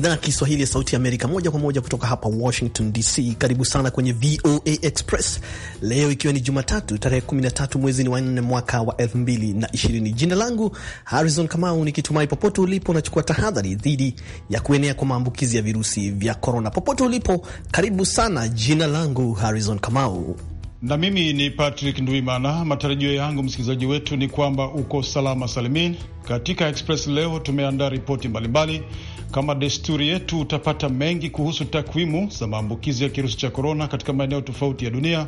idhaa ya Kiswahili ya Sauti ya Amerika moja kwa moja kutoka hapa Washington DC. Karibu sana kwenye VOA Express leo, ikiwa ni Jumatatu tarehe 13 mwezi wa 4 mwaka wa 2020. Jina langu Harrison Kamau, nikitumai popote ulipo unachukua tahadhari dhidi ya kuenea kwa maambukizi ya virusi vya korona. Popote ulipo, karibu sana. Jina langu Harrison Kamau na mimi ni Patrick nduimana Matarajio yangu msikilizaji wetu ni kwamba uko salama salimin. Katika Express leo tumeandaa ripoti mbalimbali kama desturi yetu, utapata mengi kuhusu takwimu za maambukizi ya kirusi cha korona katika maeneo tofauti ya dunia.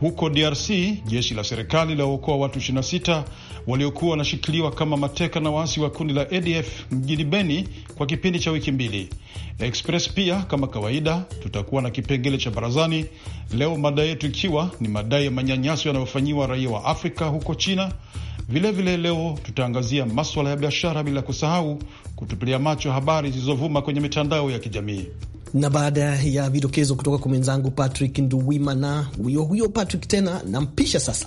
Huko DRC, jeshi la serikali uokoa watu 26 waliokuwa wanashikiliwa kama mateka na waasi wa kundi la ADF mjini Beni kwa kipindi cha wiki mbili. Express pia kama kawaida tutakuwa na kipengele cha barazani leo, mada yetu ikiwa ni madai ya manyanyaso yanayofanyiwa raia wa Afrika huko China Vilevile vile leo tutaangazia maswala ya biashara, bila kusahau kutupilia macho habari zilizovuma kwenye mitandao ya kijamii. Na baada ya vidokezo kutoka kwa mwenzangu Patrick Nduwimana, huyo huyo Patrick tena nampisha sasa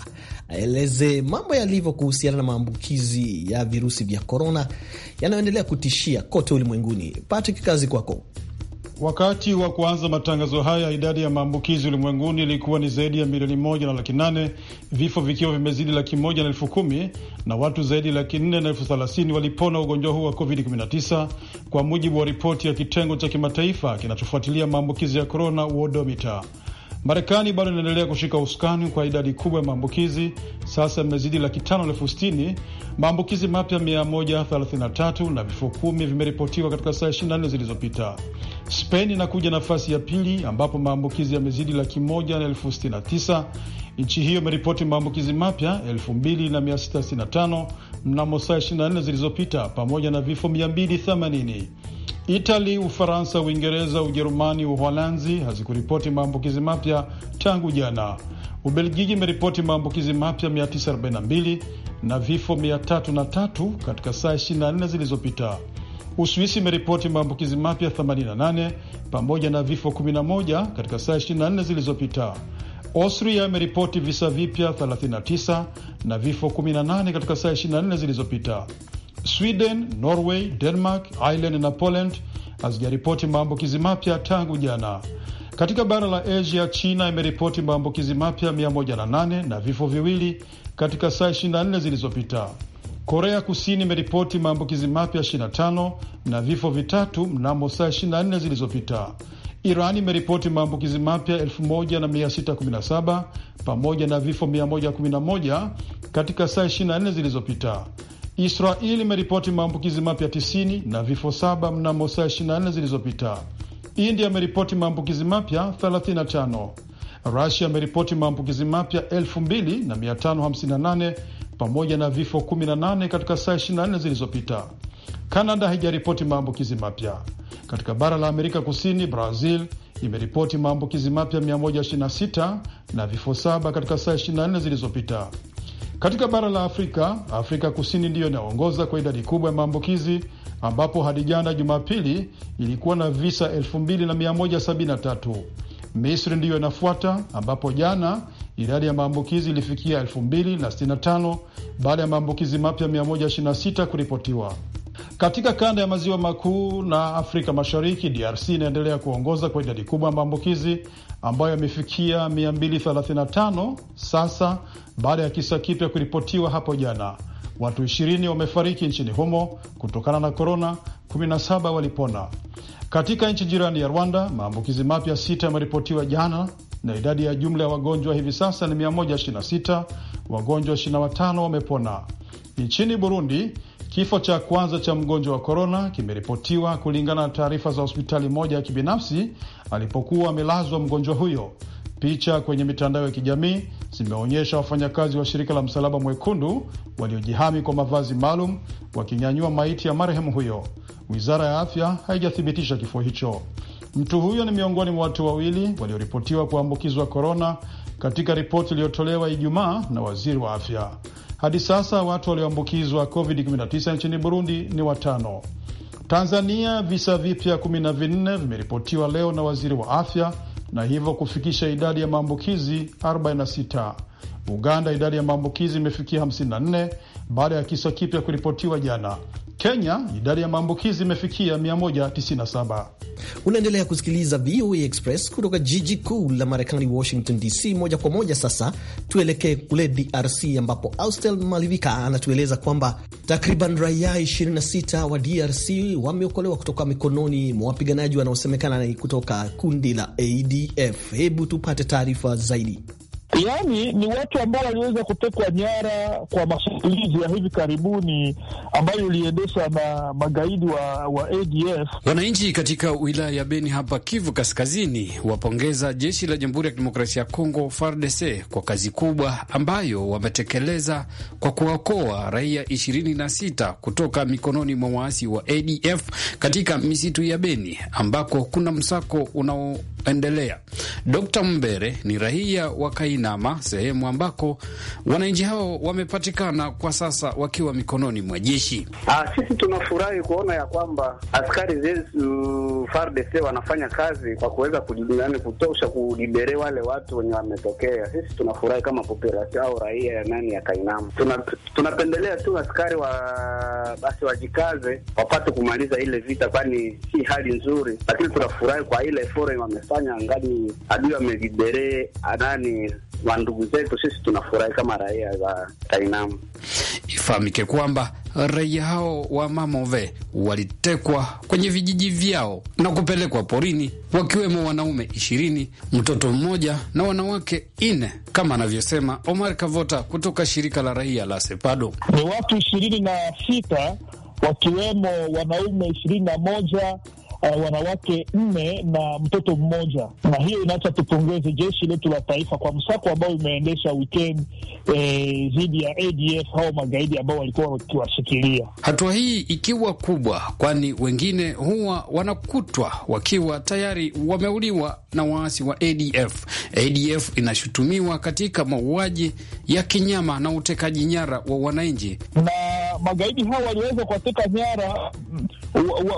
aeleze mambo yalivyo kuhusiana na maambukizi ya virusi vya korona yanayoendelea kutishia kote ulimwenguni. Patrick, kazi kwako. Wakati wa kuanza matangazo haya, idadi ya maambukizi ulimwenguni ilikuwa ni zaidi ya milioni moja na laki nane, vifo vikiwa vimezidi laki moja na elfu kumi na watu zaidi laki nne na elfu thelathini walipona ugonjwa huu wa COVID-19 kwa mujibu wa ripoti ya kitengo cha kimataifa kinachofuatilia maambukizi ya korona, Wodomita. Marekani bado inaendelea kushika usukani kwa idadi kubwa ya maambukizi, sasa imezidi laki tano elfu sitini. Maambukizi mapya 133 na vifo kumi vimeripotiwa katika saa 24 zilizopita. Spain inakuja nafasi ya pili ambapo maambukizi yamezidi laki moja na elfu sitini na tisa. Nchi hiyo imeripoti maambukizi mapya tano mnamo saa 24 zilizopita pamoja na vifo 280. Itali, Ufaransa, Uingereza, Ujerumani, Uholanzi hazikuripoti maambukizi mapya tangu jana. Ubelgiji imeripoti maambukizi mapya 942 na vifo 303 katika saa 24 zilizopita. Uswisi imeripoti maambukizi mapya 88 pamoja na vifo 11 katika saa 24 zilizopita. Austria imeripoti visa vipya 39 na vifo 18 katika saa 24 zilizopita. Sweden, Norway, Denmark, Ireland na Poland hazijaripoti maambukizi mapya tangu jana. Katika bara la Asia, China imeripoti maambukizi mapya 108 na vifo viwili katika saa 24 zilizopita. Korea Kusini imeripoti maambukizi mapya 25 na vifo vitatu mnamo saa 24 zilizopita. Iran imeripoti maambukizi mapya 1617 pamoja na vifo 111 katika saa 24 zilizopita. Israeli imeripoti maambukizi mapya 90 na vifo saba mnamo saa 24 zilizopita. India imeripoti maambukizi mapya 35. Rusia imeripoti maambukizi mapya 2558 pamoja na vifo 18 katika saa 24 zilizopita. Kanada haijaripoti maambukizi mapya. Katika bara la Amerika Kusini, Brazil imeripoti maambukizi mapya 126 na vifo saba katika saa 24 zilizopita. Katika bara la Afrika, Afrika Kusini ndiyo inaongoza kwa idadi kubwa ya maambukizi ambapo hadi jana Jumapili ilikuwa na visa 2173. Misri ndiyo inafuata ambapo jana idadi ya maambukizi ilifikia 2065 baada ya maambukizi mapya 126 kuripotiwa. Katika kanda ya maziwa makuu na Afrika Mashariki, DRC inaendelea kuongoza kwa idadi kubwa ya maambukizi ambayo yamefikia 235 sasa baada ya kisa kipya kuripotiwa hapo jana. Watu 20 wamefariki nchini humo kutokana na korona, 17 walipona. Katika nchi jirani ya Rwanda, maambukizi mapya sita yameripotiwa jana na idadi ya jumla ya wagonjwa hivi sasa ni 126. Wagonjwa 25 wamepona. Nchini Burundi, kifo cha kwanza cha mgonjwa wa korona kimeripotiwa kulingana na taarifa za hospitali moja ya kibinafsi alipokuwa amelazwa mgonjwa huyo. Picha kwenye mitandao ya kijamii zimeonyesha wafanyakazi wa shirika la Msalaba Mwekundu waliojihami kwa mavazi maalum wakinyanyua maiti ya marehemu huyo. Wizara ya afya haijathibitisha kifo hicho. Mtu huyo ni miongoni mwa watu wawili walioripotiwa kuambukizwa korona katika ripoti iliyotolewa Ijumaa na waziri wa afya. Hadi sasa watu walioambukizwa covid-19 nchini Burundi ni watano. Tanzania, visa vipya kumi na vinne vimeripotiwa leo na waziri wa afya na hivyo kufikisha idadi ya maambukizi 46. Uganda, idadi ya maambukizi imefikia 54 baada ya kisa kipya kuripotiwa jana. Kenya idadi ya maambukizi imefikia 197. Unaendelea kusikiliza VOA Express kutoka jiji kuu la Marekani, Washington DC. Moja kwa moja sasa tuelekee kule DRC ambapo Austel Malivika anatueleza kwamba takriban raia 26 wa DRC wameokolewa kutoka mikononi mwa wapiganaji wanaosemekana kutoka kundi la ADF. Hebu tupate taarifa zaidi yaani ni watu ambao waliweza kutekwa nyara kwa mashambulizi ya hivi karibuni ambayo iliendeshwa na magaidi wa, wa ADF. Wananchi katika wilaya ya Beni hapa Kivu Kaskazini wapongeza jeshi la Jamhuri ya Kidemokrasia ya Kongo FARDC kwa kazi kubwa ambayo wametekeleza kwa kuwaokoa raia sita kutoka mikononi mwa waasi wa ADF katika misitu ya Beni ambako kuna msako unaoendelea. Dr. Mbere ni raia wa Kaina Kinama, sehemu ambako wananchi hao wamepatikana kwa sasa wakiwa mikononi mwa jeshi. Ah, sisi tunafurahi kuona ya kwamba askari zetu FARDC wanafanya kazi kwa kuweza kujidani kutosha kulibere wale watu wenye wametokea. Sisi tunafurahi kama population au raia ya nani ya Kainama, tunapendelea tuna tu askari wa basi wajikaze wapate kumaliza ile vita, kwani si hali nzuri, lakini tunafurahi kwa ile fore wamefanya, ngani adui amejibere anani wa ndugu zetu, sisi tunafurahi kama raia za Tainamu. Ifahamike kwamba raia hao wa Mamove walitekwa kwenye vijiji vyao na kupelekwa porini, wakiwemo wanaume ishirini, mtoto mmoja na wanawake nne, kama anavyosema Omar Kavota kutoka shirika la raia la Sepado. Ni watu ishirini na sita wakiwemo wanaume ishirini na moja uh, wanawake nne na mtoto mmoja, na hiyo inaacha tupongeze jeshi letu la taifa kwa msako ambao imeendesha weekend eh, dhidi eh, ya ADF hao magaidi ambao walikuwa wakiwashikilia. Hatua hii ikiwa kubwa, kwani wengine huwa wanakutwa wakiwa tayari wameuliwa na waasi wa ADF. ADF inashutumiwa katika mauaji ya kinyama na utekaji nyara wa wananchi, na magaidi hao waliweza kuwateka nyara mm, wa, wa,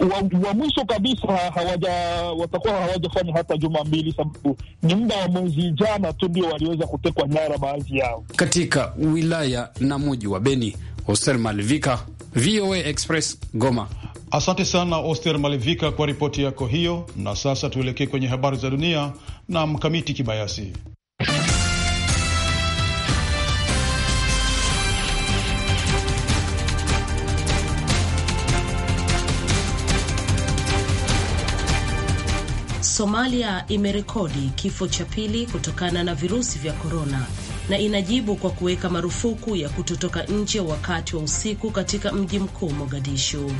wa, wa, wa, mwisho kabisa hawaja watakuwa hawajafanya hata juma mbili, sababu ni muda wa mwezi jana tu ndio waliweza kutekwa nyara baadhi yao katika wilaya na muji wa Beni. Hostel Malivika, VOA Express, Goma. Asante sana Oster Malivika kwa ripoti yako hiyo. Na sasa tuelekee kwenye habari za dunia na Mkamiti Kibayasi. Somalia imerekodi kifo cha pili kutokana na virusi vya korona na inajibu kwa kuweka marufuku ya kutotoka nje wakati wa usiku katika mji mkuu Mogadishu.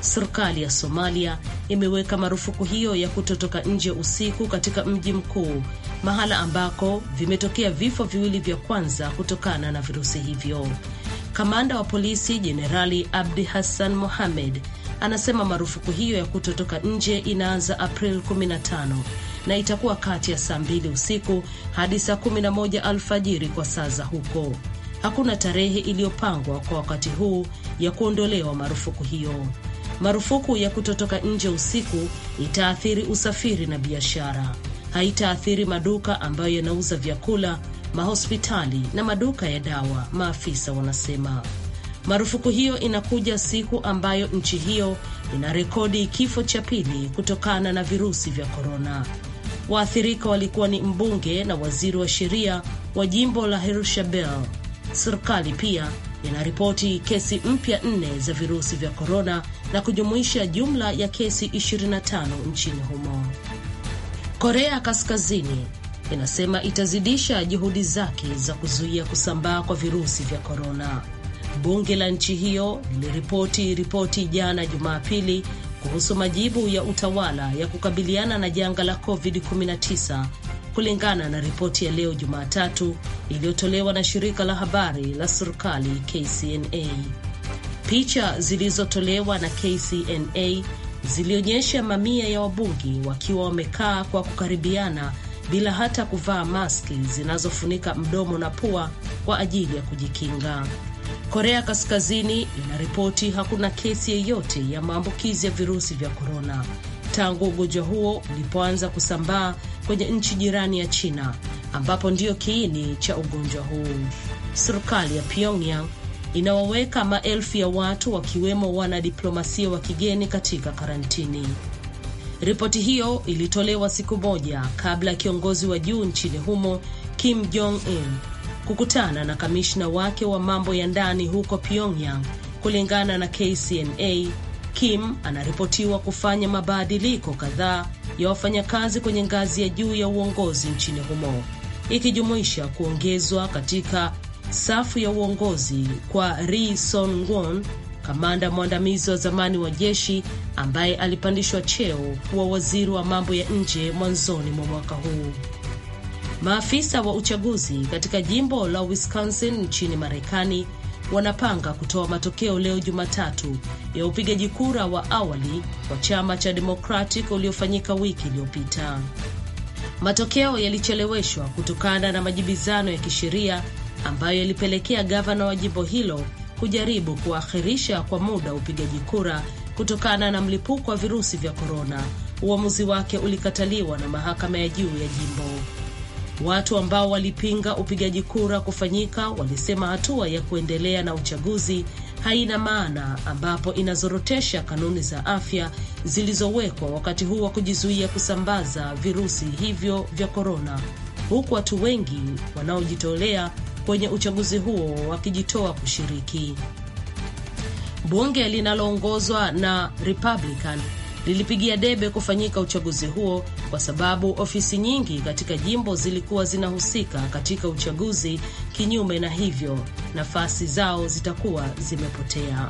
Serikali ya Somalia imeweka marufuku hiyo ya kutotoka nje usiku katika mji mkuu, mahala ambako vimetokea vifo viwili vya kwanza kutokana na virusi hivyo. Kamanda wa polisi Jenerali Abdi Hassan Mohamed anasema marufuku hiyo ya kutotoka nje inaanza April 15 na itakuwa kati ya saa mbili usiku hadi saa 11 alfajiri kwa saa za huko. Hakuna tarehe iliyopangwa kwa wakati huu ya kuondolewa marufuku hiyo. Marufuku ya kutotoka nje usiku itaathiri usafiri na biashara, haitaathiri maduka ambayo yanauza vyakula, mahospitali na maduka ya dawa, maafisa wanasema. Marufuku hiyo inakuja siku ambayo nchi hiyo ina rekodi kifo cha pili kutokana na virusi vya korona. Waathirika walikuwa ni mbunge na waziri wa sheria wa jimbo la Hirshabelle. Serikali pia inaripoti kesi mpya nne za virusi vya korona na kujumuisha jumla ya kesi 25 nchini humo. Korea Kaskazini inasema itazidisha juhudi zake za kuzuia kusambaa kwa virusi vya korona. Bunge la nchi hiyo liliripoti ripoti jana Jumapili kuhusu majibu ya utawala ya kukabiliana na janga la COVID-19 kulingana na ripoti ya leo Jumatatu iliyotolewa na shirika la habari la serikali KCNA. Picha zilizotolewa na KCNA zilionyesha mamia ya wabunge wakiwa wamekaa kwa kukaribiana bila hata kuvaa maski zinazofunika mdomo na pua kwa ajili ya kujikinga. Korea Kaskazini inaripoti hakuna kesi yeyote ya maambukizi ya virusi vya korona tangu ugonjwa huo ulipoanza kusambaa kwenye nchi jirani ya China ambapo ndiyo kiini cha ugonjwa huu. Serikali ya Pyongyang inawaweka maelfu ya watu wakiwemo wanadiplomasia wa kigeni katika karantini. Ripoti hiyo ilitolewa siku moja kabla ya kiongozi wa juu nchini humo Kim Jong Un kukutana na kamishna wake wa mambo ya ndani huko Pyongyang. Kulingana na KCNA, Kim anaripotiwa kufanya mabadiliko kadhaa ya wafanyakazi kwenye ngazi ya juu ya uongozi nchini humo, ikijumuisha kuongezwa katika safu ya uongozi kwa Ri son kamanda mwandamizi wa zamani wa jeshi ambaye alipandishwa cheo kuwa waziri wa mambo ya nje mwanzoni mwa mwaka huu. Maafisa wa uchaguzi katika jimbo la Wisconsin nchini Marekani wanapanga kutoa matokeo leo Jumatatu ya upigaji kura wa awali wa chama cha Democratic uliofanyika wiki iliyopita. Matokeo yalicheleweshwa kutokana na majibizano ya kisheria ambayo yalipelekea gavana wa jimbo hilo kujaribu kuahirisha kwa muda upigaji kura kutokana na mlipuko wa virusi vya korona. Uamuzi wake ulikataliwa na mahakama ya juu ya jimbo. Watu ambao walipinga upigaji kura kufanyika walisema hatua ya kuendelea na uchaguzi haina maana, ambapo inazorotesha kanuni za afya zilizowekwa wakati huu wa kujizuia kusambaza virusi hivyo vya korona, huku watu wengi wanaojitolea kwenye uchaguzi huo wakijitoa kushiriki. Bunge linaloongozwa na Republican lilipigia debe kufanyika uchaguzi huo kwa sababu ofisi nyingi katika jimbo zilikuwa zinahusika katika uchaguzi. Kinyume na hivyo, nafasi zao zitakuwa zimepotea.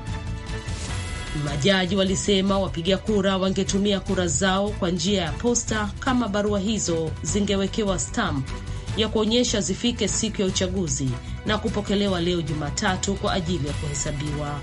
Majaji walisema wapiga kura wangetumia kura zao kwa njia ya posta kama barua hizo zingewekewa stamp ya kuonyesha zifike siku ya uchaguzi na kupokelewa leo Jumatatu kwa ajili ya kuhesabiwa.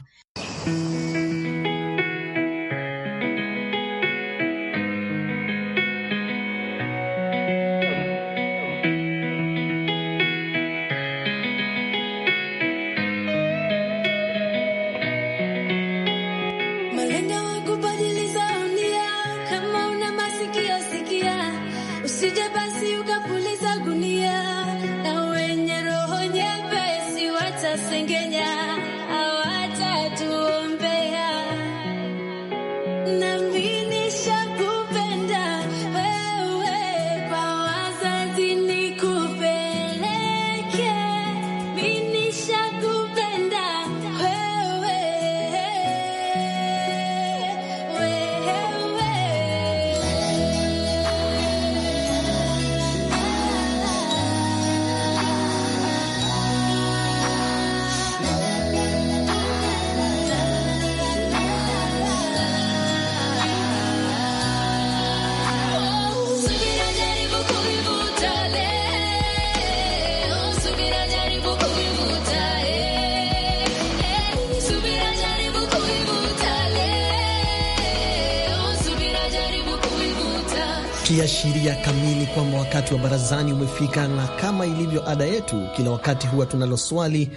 ikiashiria kamili kwamba wakati wa barazani umefika, na kama ilivyo ada yetu, kila wakati huwa tunalo swali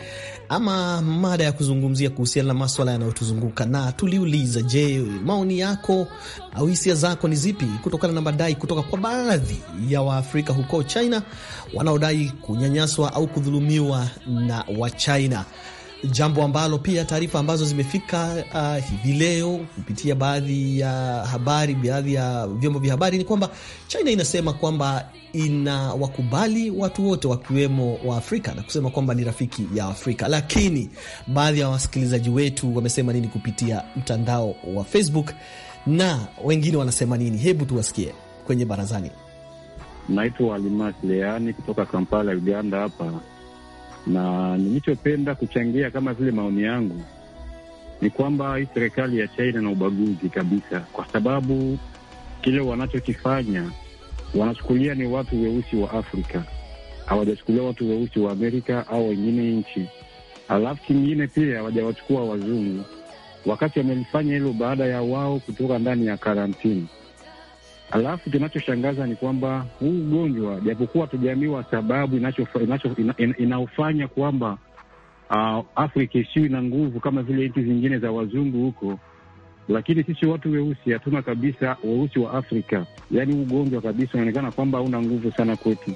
ama mada ya kuzungumzia kuhusiana na maswala yanayotuzunguka, na tuliuliza, je, maoni yako au hisia zako ni zipi kutokana na madai kutoka kwa baadhi ya Waafrika huko China wanaodai kunyanyaswa au kudhulumiwa na Wachina? jambo ambalo pia taarifa ambazo zimefika uh, hivi leo kupitia baadhi ya habari, baadhi ya vyombo vya habari ni kwamba China inasema kwamba ina wakubali watu wote wakiwemo wa Afrika na kusema kwamba ni rafiki ya Afrika. Lakini baadhi ya wasikilizaji wetu wamesema nini kupitia mtandao wa Facebook na wengine wanasema nini? Hebu tuwasikie kwenye barazani. Naitwa Alimas Leani kutoka Kampala, Uganda. Hapa na nilichopenda kuchangia kama vile maoni yangu ni kwamba hii serikali ya China na ubaguzi kabisa, kwa sababu kile wanachokifanya wanachukulia ni watu weusi wa Afrika, hawajachukulia watu weusi wa Amerika au wengine nchi. Alafu kingine pia hawajawachukua wazungu, wakati wamelifanya hilo baada ya wao kutoka ndani ya karantini. Alafu kinachoshangaza ni kwamba huu ugonjwa japokuwa hatujaamiwa sababu inaofanya kwamba uh, Afrika isiwi na nguvu kama vile nchi zingine za wazungu huko, lakini sisi watu weusi hatuna kabisa, weusi wa Afrika, yaani ugonjwa kabisa unaonekana kwamba hauna nguvu sana kwetu.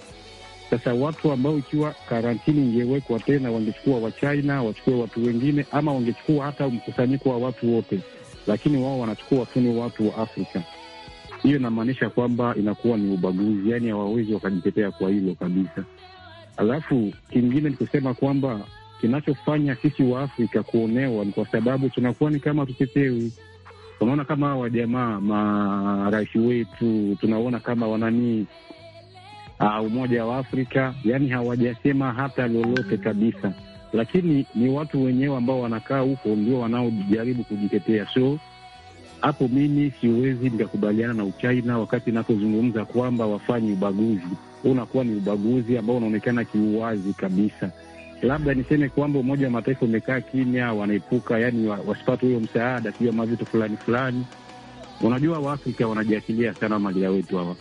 Sasa watu ambao ikiwa karantini ingewekwa tena, wangechukua Wachina, wachukue watu wengine, ama wangechukua hata mkusanyiko wa watu wote, lakini wao wanachukua tu ni watu wa Afrika hiyo inamaanisha kwamba inakuwa ni ubaguzi, yaani hawawezi wakajitetea kwa hilo kabisa. Alafu kingine ni kusema kwamba kinachofanya sisi wa Afrika kuonewa ni kwa sababu tunakuwa ni kama tutetewi. Unaona kama hawa jamaa marais wetu tunaona kama wananii uh, ah, Umoja wa Afrika, yaani hawajasema hata lolote kabisa, lakini ni watu wenyewe ambao wanakaa huko ndio wanaojaribu kujitetea so hapo mimi siwezi nikakubaliana na Uchina wakati inapozungumza kwamba wafanyi ubaguzi. Unakuwa ni ubaguzi ambao unaonekana kiuwazi kabisa. Labda niseme kwamba Umoja wa Mataifa umekaa kimya, wanaepuka yani wasipate huyo msaada, sijua mavitu fulani fulani. Unajua, Waafrika wanajiakilia sana malia wetu hawa.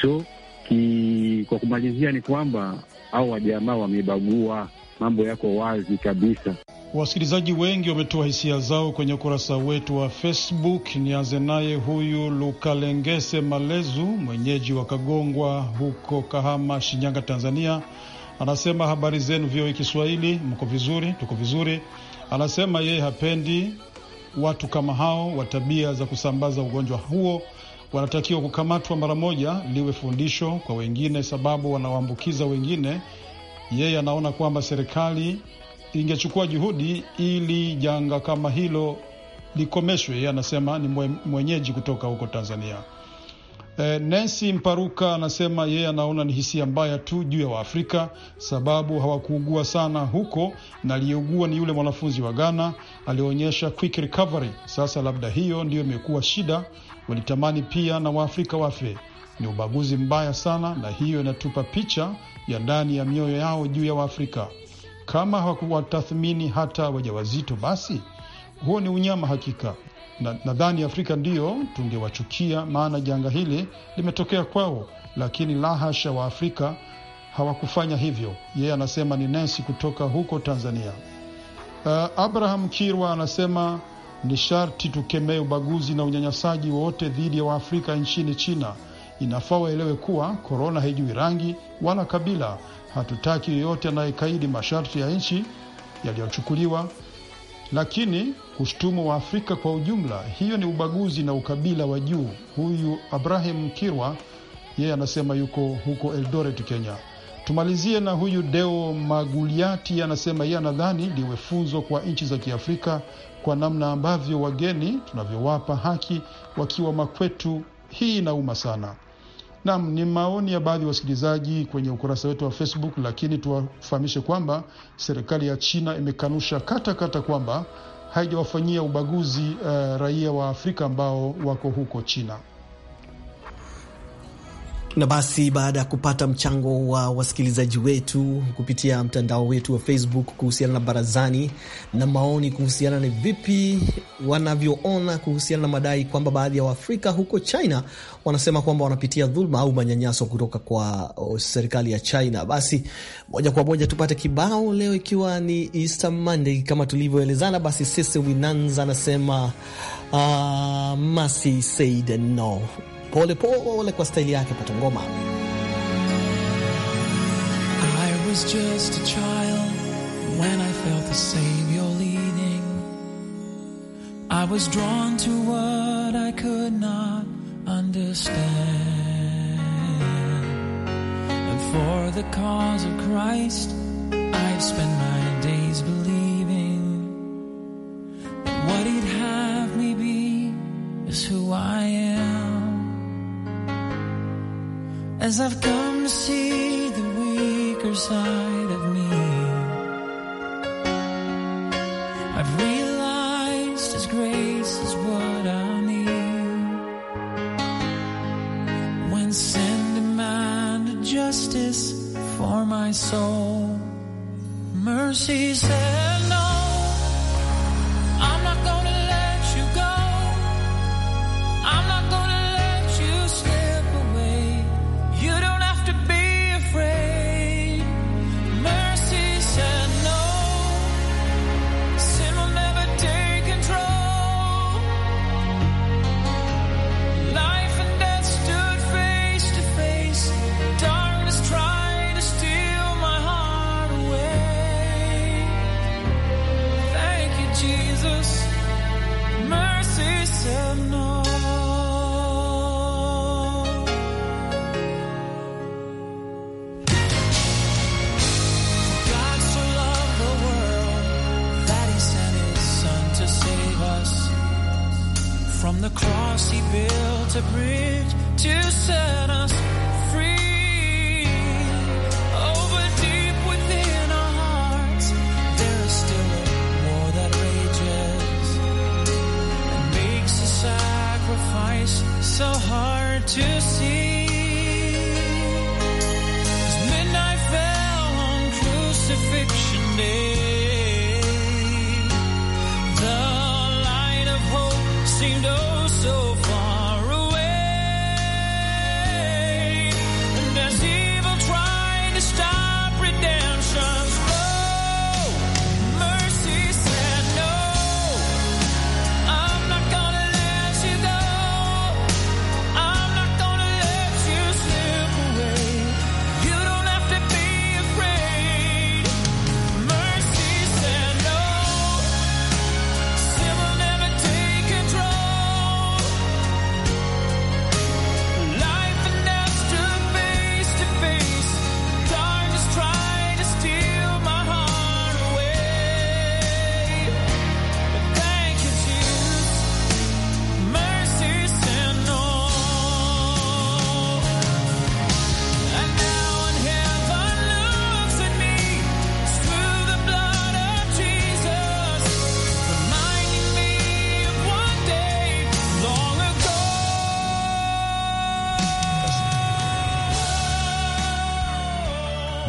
So ki, kwa kumalizia ni kwamba au wajamaa wamebagua, mambo yako wazi kabisa. Wasikilizaji wengi wametoa hisia zao kwenye ukurasa wetu wa Facebook. Nianze naye huyu Lukalengese Malezu, mwenyeji wa Kagongwa huko Kahama, Shinyanga, Tanzania, anasema habari zenu VOA Kiswahili, mko vizuri? Tuko vizuri. Anasema yeye hapendi watu kama hao wa tabia za kusambaza ugonjwa huo, wanatakiwa kukamatwa mara moja, liwe fundisho kwa wengine, sababu wanawaambukiza wengine. Yeye anaona kwamba serikali ingechukua juhudi ili janga kama hilo likomeshwe, anasema ni mwenyeji kutoka huko Tanzania. E, Nancy Mparuka anasema yeye anaona ni hisia mbaya tu juu ya Waafrika sababu hawakuugua sana huko, na aliyeugua ni yule mwanafunzi wa Ghana alionyesha quick recovery. Sasa labda hiyo ndiyo imekuwa shida, walitamani pia na Waafrika wafe. Ni ubaguzi mbaya sana, na hiyo inatupa picha ya ndani ya mioyo yao juu ya Waafrika. Kama hawakuwatathmini hata wajawazito, basi huo ni unyama hakika. Nadhani na Afrika ndiyo tungewachukia, maana janga hili limetokea kwao, lakini lahasha, wa Afrika hawakufanya hivyo. Yeye anasema ni Nancy kutoka huko Tanzania. Uh, Abraham Kirwa anasema ni sharti tukemee ubaguzi na unyanyasaji wote dhidi ya Waafrika nchini China. Inafaa waelewe kuwa korona haijui rangi wala kabila, hatutaki yoyote anayekaidi masharti ya nchi yaliyochukuliwa, lakini kushtumu wa Afrika kwa ujumla, hiyo ni ubaguzi na ukabila wa juu. Huyu Abrahim Kirwa yeye anasema yuko huko Eldoret, Kenya. Tumalizie na huyu Deo Maguliati, anasema yeye anadhani liwe funzo kwa nchi za Kiafrika kwa namna ambavyo wageni tunavyowapa haki wakiwa makwetu. Hii inauma sana. Naam, ni maoni ya baadhi ya wasikilizaji kwenye ukurasa wetu wa Facebook, lakini tuwafahamishe kwamba serikali ya China imekanusha katakata kata kwamba haijawafanyia ubaguzi uh, raia wa Afrika ambao wako huko China. Na basi baada ya kupata mchango wa wasikilizaji wetu kupitia mtandao wetu wa Facebook kuhusiana na barazani na maoni kuhusiana na vipi wanavyoona kuhusiana na madai kwamba baadhi ya Waafrika huko China wanasema kwamba wanapitia dhuluma au manyanyaso kutoka kwa serikali ya China, basi moja kwa moja tupate kibao leo, ikiwa ni Easter Monday kama tulivyoelezana. Basi sisi Winanza anasema uh, ah, Masi said no pole pole kwa staili yake pata ngoma. I was just a child when I felt the Savior leading. I was drawn to what I could not understand. And for the cause of Christ, I've spent my days Cause I've gone. to see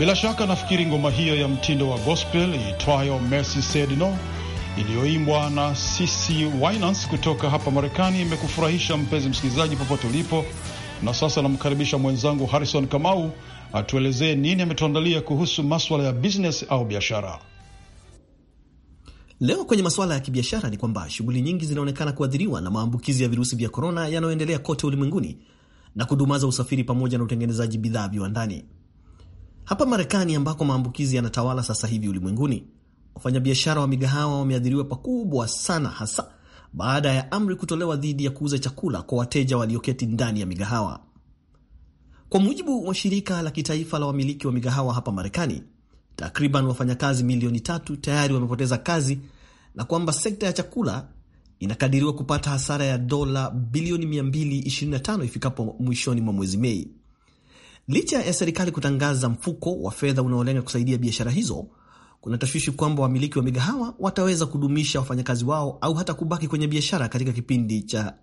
Bila shaka nafikiri ngoma hiyo ya mtindo wa gospel iitwayo Mercy Said No iliyoimbwa na cc Winans kutoka hapa Marekani imekufurahisha mpenzi msikilizaji, popote ulipo. Na sasa namkaribisha mwenzangu Harrison Kamau atuelezee nini ametuandalia kuhusu maswala ya business au biashara. Leo kwenye masuala ya kibiashara ni kwamba shughuli nyingi zinaonekana kuathiriwa na maambukizi ya virusi vya korona yanayoendelea kote ulimwenguni na kudumaza usafiri pamoja na utengenezaji bidhaa viwandani. Hapa Marekani ambako maambukizi yanatawala sasa hivi ulimwenguni, wafanyabiashara wa migahawa wameathiriwa pakubwa sana, hasa baada ya amri kutolewa dhidi ya kuuza chakula kwa wateja walioketi ndani ya migahawa. Kwa mujibu wa shirika la kitaifa la wamiliki wa migahawa hapa Marekani, takriban wafanyakazi milioni tatu tayari wamepoteza kazi na kwamba sekta ya chakula inakadiriwa kupata hasara ya dola bilioni 225 ifikapo mwishoni mwa mwezi Mei. Licha ya serikali kutangaza mfuko wa fedha unaolenga kusaidia biashara hizo, kuna tashwishi kwamba wamiliki wa migahawa wataweza kudumisha wafanyakazi wao au hata kubaki kwenye biashara katika kipindi cha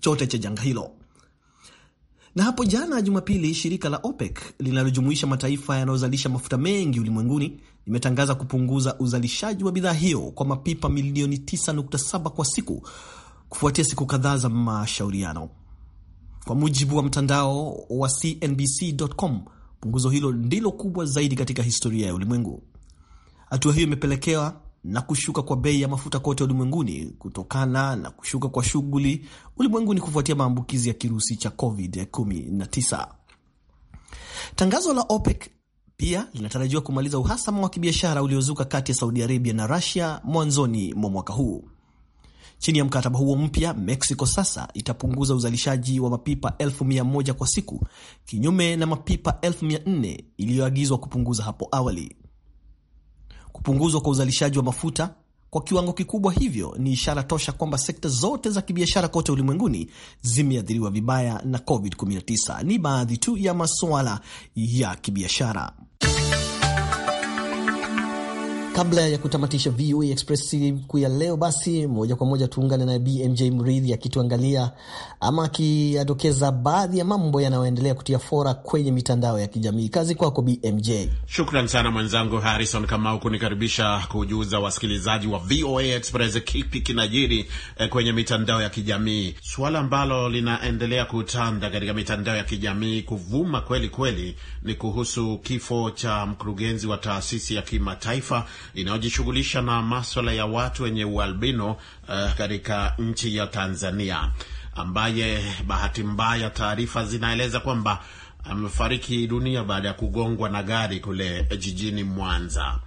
chote cha janga hilo. Na hapo jana Jumapili, shirika la OPEC linalojumuisha mataifa yanayozalisha mafuta mengi ulimwenguni limetangaza kupunguza uzalishaji wa bidhaa hiyo kwa mapipa milioni 9.7 kwa siku kufuatia siku kadhaa za mashauriano. Kwa mujibu wa mtandao wa CNBC.com, punguzo hilo ndilo kubwa zaidi katika historia ya ulimwengu. Hatua hiyo imepelekewa na kushuka kwa bei ya mafuta kote ulimwenguni kutokana na kushuka kwa shughuli ulimwenguni kufuatia maambukizi ya kirusi cha COVID-19. Tangazo la OPEC pia linatarajiwa kumaliza uhasama wa kibiashara uliozuka kati ya Saudi Arabia na Russia mwanzoni mwa mwaka huu. Chini ya mkataba huo mpya, Mexico sasa itapunguza uzalishaji wa mapipa elfu mia moja kwa siku, kinyume na mapipa elfu mia nne iliyoagizwa kupunguza hapo awali. Kupunguzwa kwa uzalishaji wa mafuta kwa kiwango kikubwa hivyo ni ishara tosha kwamba sekta zote za kibiashara kote ulimwenguni zimeathiriwa vibaya na COVID-19. Ni baadhi tu ya masuala ya kibiashara. Kabla ya kutamatisha VOA e Express siku ya leo, basi moja kwa moja tuungane naye BMJ Mridhi akituangalia ama akiyadokeza baadhi ya mambo yanayoendelea kutia fora kwenye mitandao ya kijamii. Kazi kwako BMJ. Shukran sana mwenzangu Harrison Kamau kunikaribisha kujuza wasikilizaji wa VOA e Express kipi kinajiri eh, kwenye mitandao ya kijamii, suala ambalo linaendelea kutanda katika mitandao ya kijamii kuvuma kweli kweli ni kuhusu kifo cha mkurugenzi wa taasisi ya kimataifa inayojishughulisha na maswala ya watu wenye ualbino uh, katika nchi ya Tanzania ambaye bahati mbaya taarifa zinaeleza kwamba amefariki dunia baada ya kugongwa na gari kule eh, jijini Mwanza.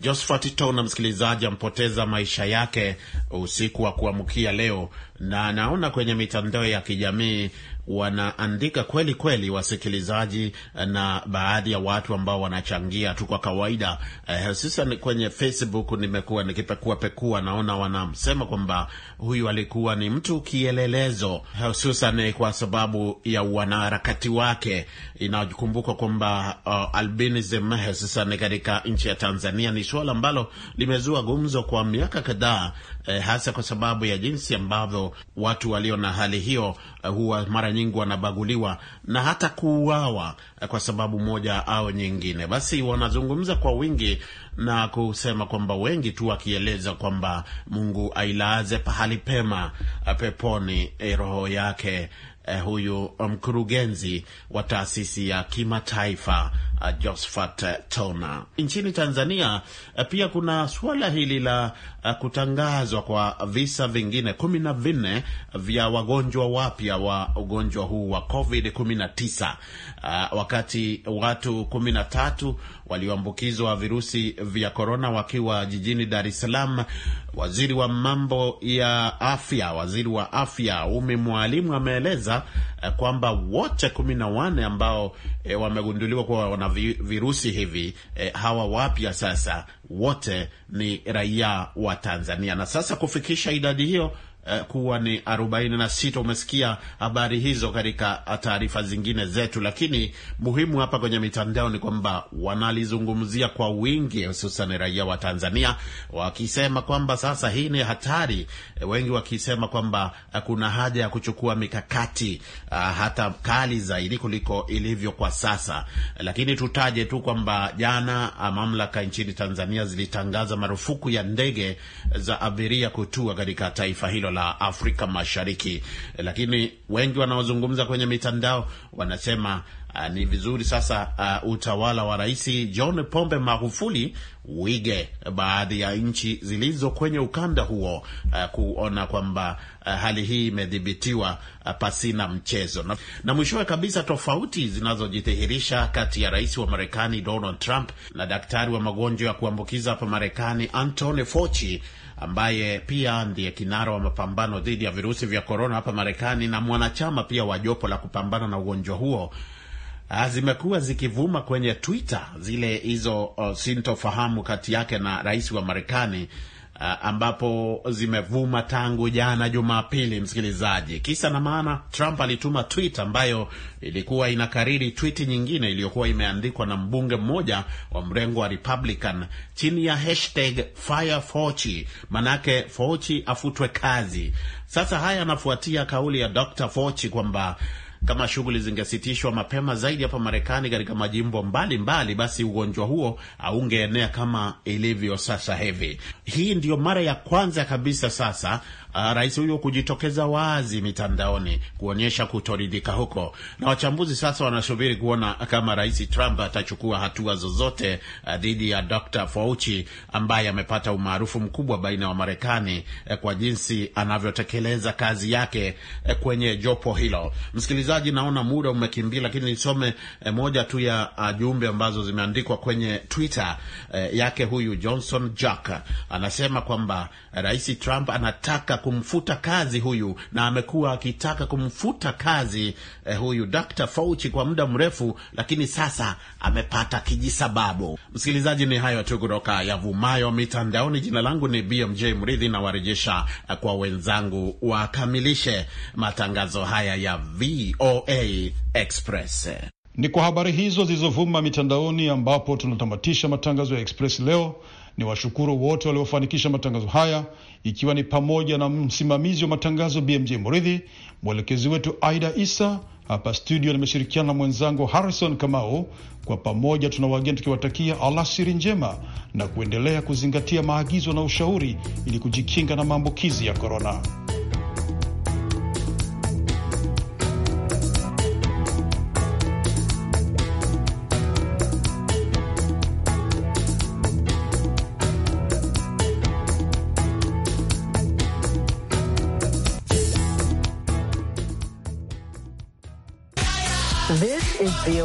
Josephat Tona, msikilizaji, ampoteza maisha yake usiku wa kuamkia leo, na anaona kwenye mitandao ya kijamii wanaandika kweli kweli wasikilizaji na baadhi ya watu ambao wanachangia tu kwa kawaida. Hususan eh, kwenye Facebook nimekuwa nikipekua pekua, naona wanamsema kwamba huyu alikuwa ni mtu kielelezo, hususan kwa sababu ya wanaharakati wake. Inakumbukwa kwamba uh, albinism hususan katika nchi ya Tanzania ni suala ambalo limezua gumzo kwa miaka kadhaa eh, hasa kwa sababu ya jinsi ambavyo watu walio na hali hiyo eh, huwa mara nyingi wanabaguliwa na hata kuuawa eh, kwa sababu moja au nyingine. Basi wanazungumza kwa wingi na kusema kwamba wengi tu wakieleza kwamba Mungu ailaze pahali pema eh, peponi eh, roho yake eh, huyu eh, mkurugenzi wa taasisi ya kimataifa uh, Josphat Tona. Nchini Tanzania uh, pia kuna suala hili la uh, kutangazwa kwa visa vingine kumi na vinne vya wagonjwa wapya wa ugonjwa huu wa COVID 19 uh, wakati watu kumi na tatu walioambukizwa virusi vya korona wakiwa jijini Dar es Salaam. Waziri wa mambo ya afya, waziri wa afya Umi Mwalimu ameeleza Eh, kwamba wote kumi na wane ambao e, wamegunduliwa kuwa wana virusi hivi e, hawa wapya sasa wote ni raia wa Tanzania, na sasa kufikisha idadi hiyo Eh, kuwa ni 46. Umesikia habari hizo katika ah, taarifa zingine zetu, lakini muhimu hapa kwenye mitandao ni kwamba wanalizungumzia kwa wingi, hususan raia wa Tanzania wakisema kwamba sasa hii ni hatari, eh, wengi wakisema kwamba ah, kuna haja ya kuchukua mikakati uh, hata kali zaidi kuliko ilivyo kwa sasa. Lakini tutaje tu kwamba jana mamlaka nchini Tanzania zilitangaza marufuku ya ndege za abiria kutua katika taifa hilo la Afrika Mashariki, lakini wengi wanaozungumza kwenye mitandao wanasema uh, ni vizuri sasa uh, utawala wa Rais John Pombe Magufuli uige baadhi ya nchi zilizo kwenye ukanda huo uh, kuona kwamba uh, hali hii imedhibitiwa uh, pasina mchezo. Na, na mwishowe kabisa tofauti zinazojidhihirisha kati ya rais wa Marekani Donald Trump na daktari wa magonjwa ya kuambukiza hapa Marekani Anthony Fauci ambaye pia ndiye kinara wa mapambano dhidi ya virusi vya korona hapa Marekani na mwanachama pia wa jopo la kupambana na ugonjwa huo Ah, zimekuwa zikivuma kwenye Twitter zile hizo uh, sintofahamu kati yake na rais wa Marekani uh, ambapo zimevuma tangu jana Jumapili, msikilizaji. Kisa na maana, Trump alituma tweet ambayo ilikuwa inakariri tweet nyingine iliyokuwa imeandikwa na mbunge mmoja wa mrengo wa Republican chini ya hashtag fire Fauci, manake Fauci afutwe kazi. Sasa haya anafuatia kauli ya Dr Fauci kwamba kama shughuli zingesitishwa mapema zaidi hapa Marekani katika majimbo mbalimbali mbali, basi ugonjwa huo haungeenea kama ilivyo sasa hivi. Hii ndiyo mara ya kwanza kabisa sasa Ah, rais huyo kujitokeza wazi mitandaoni kuonyesha kutoridhika huko, na wachambuzi sasa wanasubiri kuona kama rais Trump atachukua hatua zozote ah, dhidi ya Dr. Fauci ambaye amepata umaarufu mkubwa baina ya Wamarekani eh, kwa jinsi anavyotekeleza kazi yake eh, kwenye jopo hilo. Msikilizaji, naona muda umekimbia, lakini nisome eh, moja tu ya ah, jumbe ambazo zimeandikwa kwenye Twitter yake. Huyu Johnson Jack anasema kwamba rais Trump anataka kumfuta kazi huyu, na amekuwa akitaka kumfuta kazi eh, huyu Dr. Fauci kwa muda mrefu, lakini sasa amepata kijisababu. Msikilizaji, ni hayo tu kutoka yavumayo mitandaoni. Jina langu ni BMJ Mridhi, nawarejesha eh, kwa wenzangu wakamilishe matangazo haya ya VOA Express. Ni kwa habari hizo zilizovuma mitandaoni ambapo tunatamatisha matangazo ya Express leo ni washukuru wote waliofanikisha matangazo haya, ikiwa ni pamoja na msimamizi wa matangazo BMJ mridhi mwelekezi wetu Aida Isa. Hapa studio limeshirikiana na mwenzangu Harrison Kamau. Kwa pamoja tuna wageni tukiwatakia alasiri njema na kuendelea kuzingatia maagizo na ushauri ili kujikinga na maambukizi ya korona. VOA.